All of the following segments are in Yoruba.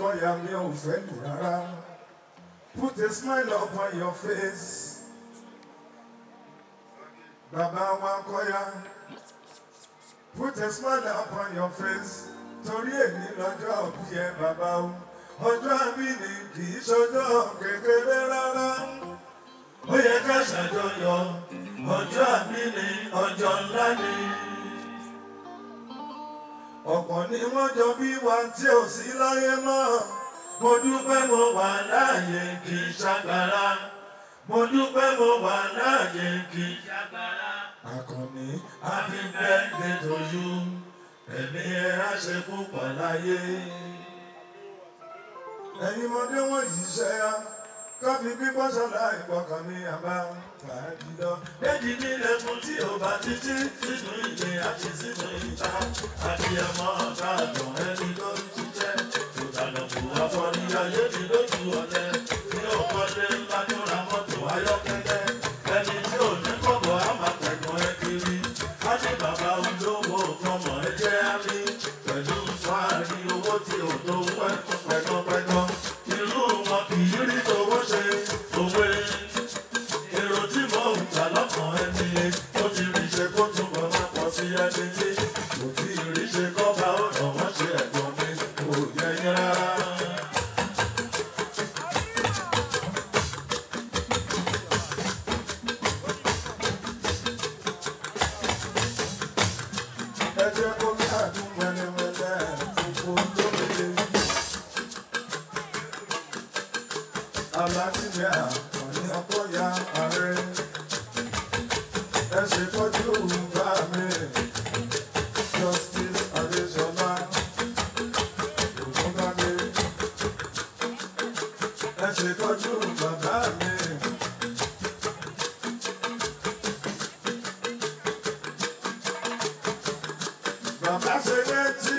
Kọ́yà mi ò fẹ́ lù rárá. Put a smile upon your face. Bàbá wa Kọ́yà. Put a smile upon your face. Torí èmi lọ́jọ́ òbí ẹ bàbá o. Ọjọ́ àbí ni kì í ṣọjọ́ kékeré rárá. Ó yẹ ká ṣàjọyọ̀. Ọjọ́ àbí ni ọjọ́ ńlá ni ọ̀pọ̀ ni wọ́n jọ bí wa tí ò sí láyé mọ́ mo dúpẹ́ mo wà láàyè kì í ṣàgbára mo dúpẹ́ mo wà láàyè kì í ṣàgbára. Àkànní happy birthday to you ẹ̀mí ẹ̀ á ṣe púpọ̀ láyé. ẹ̀yin ọmọdé wọ̀nyí ṣẹ́yà kọ́fí gbígbọ́ sọ̀lá ìgbọ̀kàn mi àbá fàájì lọ. méjì nílẹ̀ fún tí ò bá ti jí sínú ìgbé àti sínú ìta àti ẹ̀mọ́ ọ̀tá àgbọ̀n ẹni ló ń jíjẹ́. ìbànújù afọ́rí ayé mi lójú ọ̀lẹ́ ní òkọ́lé ńlá tó ra mọ́tò ayọ́kẹ́lẹ́. ẹni tí ò ní kọ́bọ̀ á máa tẹ̀gbọ́n ẹ kiri. á ní bàbá olówó ọmọ ẹ jẹ́ àmì pẹ̀lú Aṣèlétí.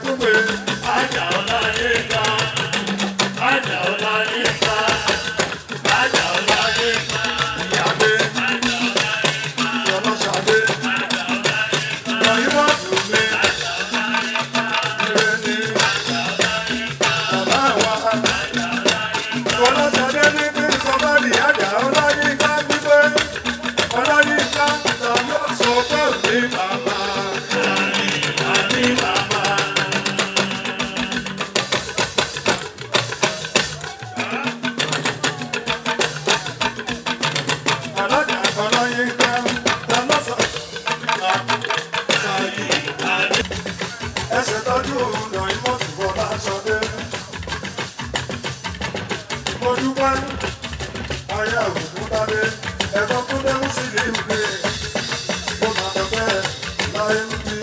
Ireland.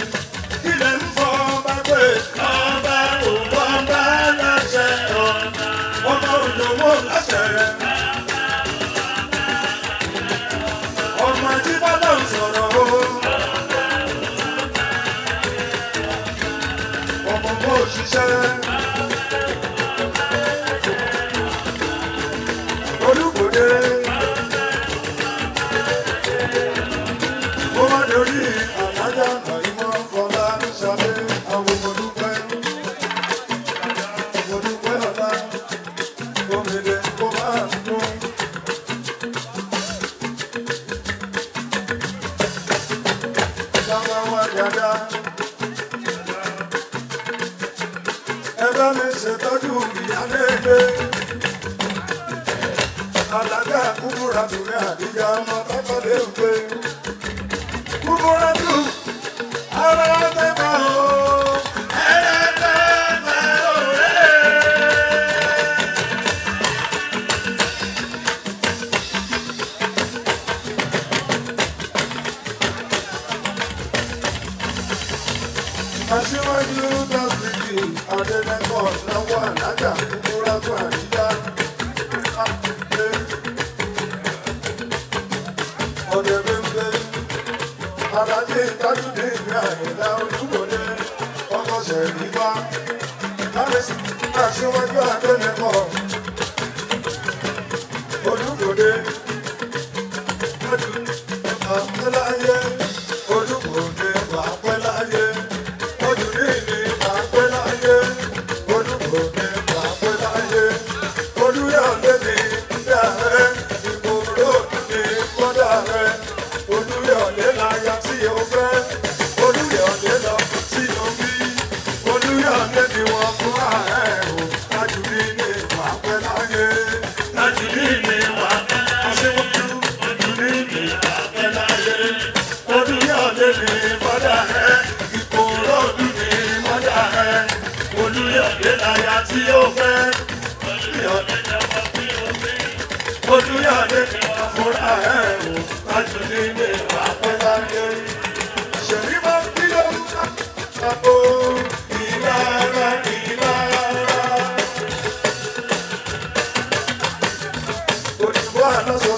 látòrí àdíjà ọmọ tọ́kọ́dé ògbé. Kúkú rántí ara tẹ́ bá o. Aṣíwájú tó fi di Adédẹ́kọ̀ọ́ lọ́wọ́ àlájà kúkú rántí àdíjà. aṣíwájú adélẹ́kọ̀ọ́ olùkọ́dé. tí ó fẹ́ ojúyọ̀lé fúnra ẹ̀ wò láti nílé àpẹ́láyé ṣèlú bá bí lóun náà kó ìlara ìlara òyìnbó àlọ́sọ.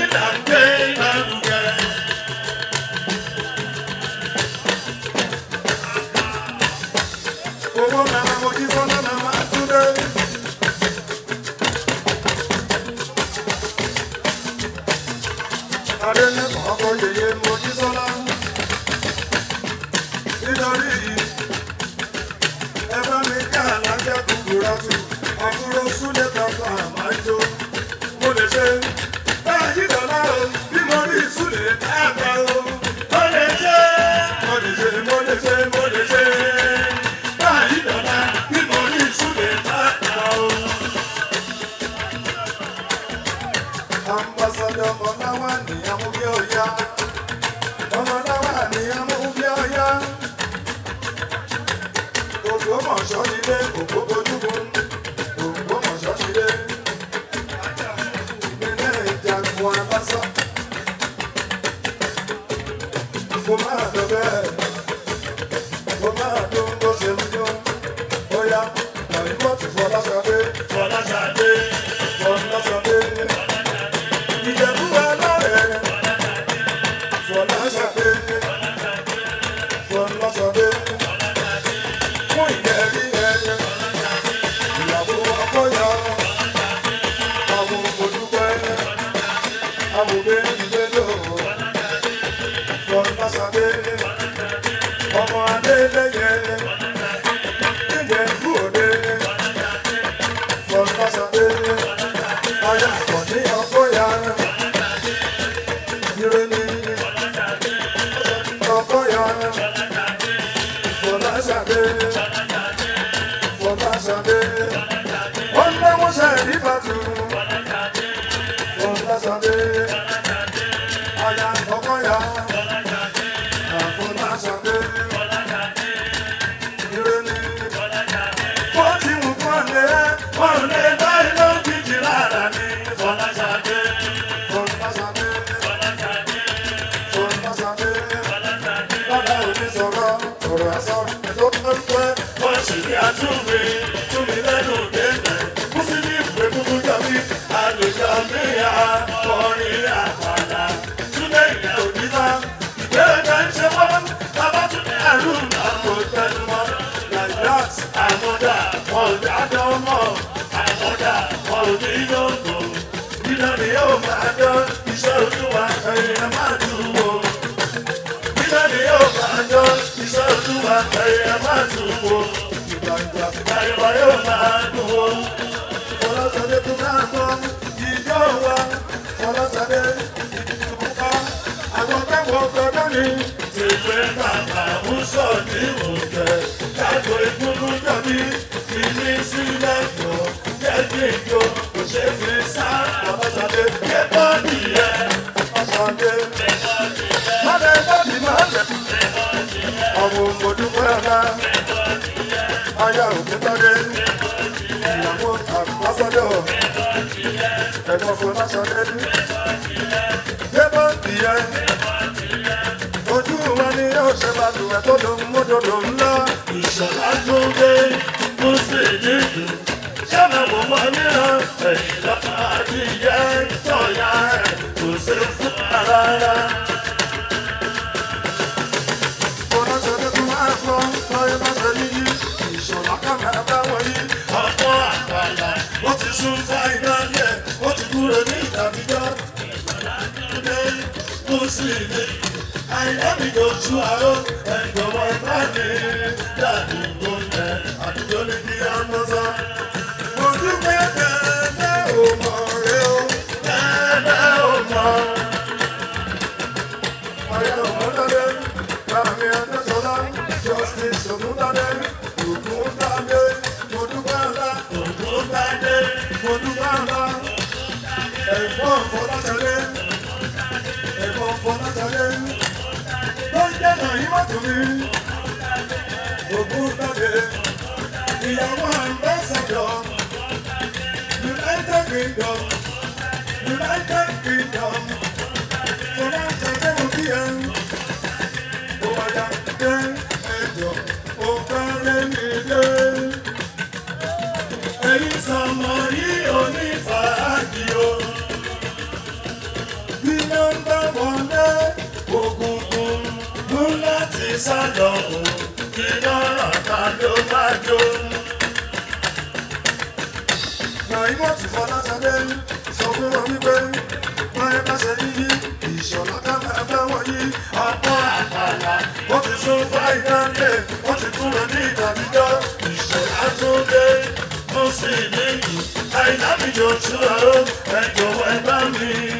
sọ kò má àdámọ̀ àmọ́dá wọn ò ní lóko nínú ni yóò máa dán iṣẹ́ olúwa ẹ̀yẹ máa dùn wò nínú ni yóò máa dán iṣẹ́ olúwa ẹ̀yẹ máa dùn wò ìgbàgbọ́ yóò máa dùn wò. ọlọ́sọdé tó máa gbọ́ ìjọ wa ọlọ́sọdé ìdìbò ká àgbọ̀tẹ́kọ̀ọ́ gbọ́dọ̀ ni. tèwé bàbá ń sọ ní òun. ọmọ mo dúpẹ́ ọlá aya òkútọ́dé ìyàwó àfọ́sọ́dọ̀ ẹ̀gbọ́n fọláṣọdé débọ̀ tìyẹ ojú wọn ni yóò ṣe máa dùn ẹ̀ tó lòun mọ́dọ̀dọ̀ ńlá. ìṣọ̀lá tó dé mo sì ní dùn sábà mo mọ níran ẹ̀yìn lọ́kàn àti ìyá ẹ̀ tọ̀yà ẹ̀ kò sí fún ara rẹ̀. sùn fa iná yẹ ó ti kúrò ní ìtàbíjọ́ ìgbàlódé mùsùlùmí àìlẹ́bí dojú àrò ẹ̀jọ̀ wọn bá mi dàdúgbò ẹ̀ àdúgbò ní bí fojú bàbá ẹ̀gbọ́n fọlọ́tẹ̀lé ẹ̀gbọ́n fọlọ́tẹ̀lé ló ń jẹ́nà ìmọ̀tò mi ògùn tàdé ìyàwó àmbẹ́sàdọ̀ United Kingdom United Kingdom fọlọ́tẹ̀lé mo bí ẹ òwàdà dé. sọ́dọ̀ òun kí lọ́rọ̀ ta ló bá jó. Nàìmọ̀ tí Fọláṣadé sọ fún wọn wípé báyẹ̀ bá ṣe yíyí ìṣọ̀lá dábàá bá wọ́n yí apá àpàlà. Ó ti sún fáìdá lé, ó ti tún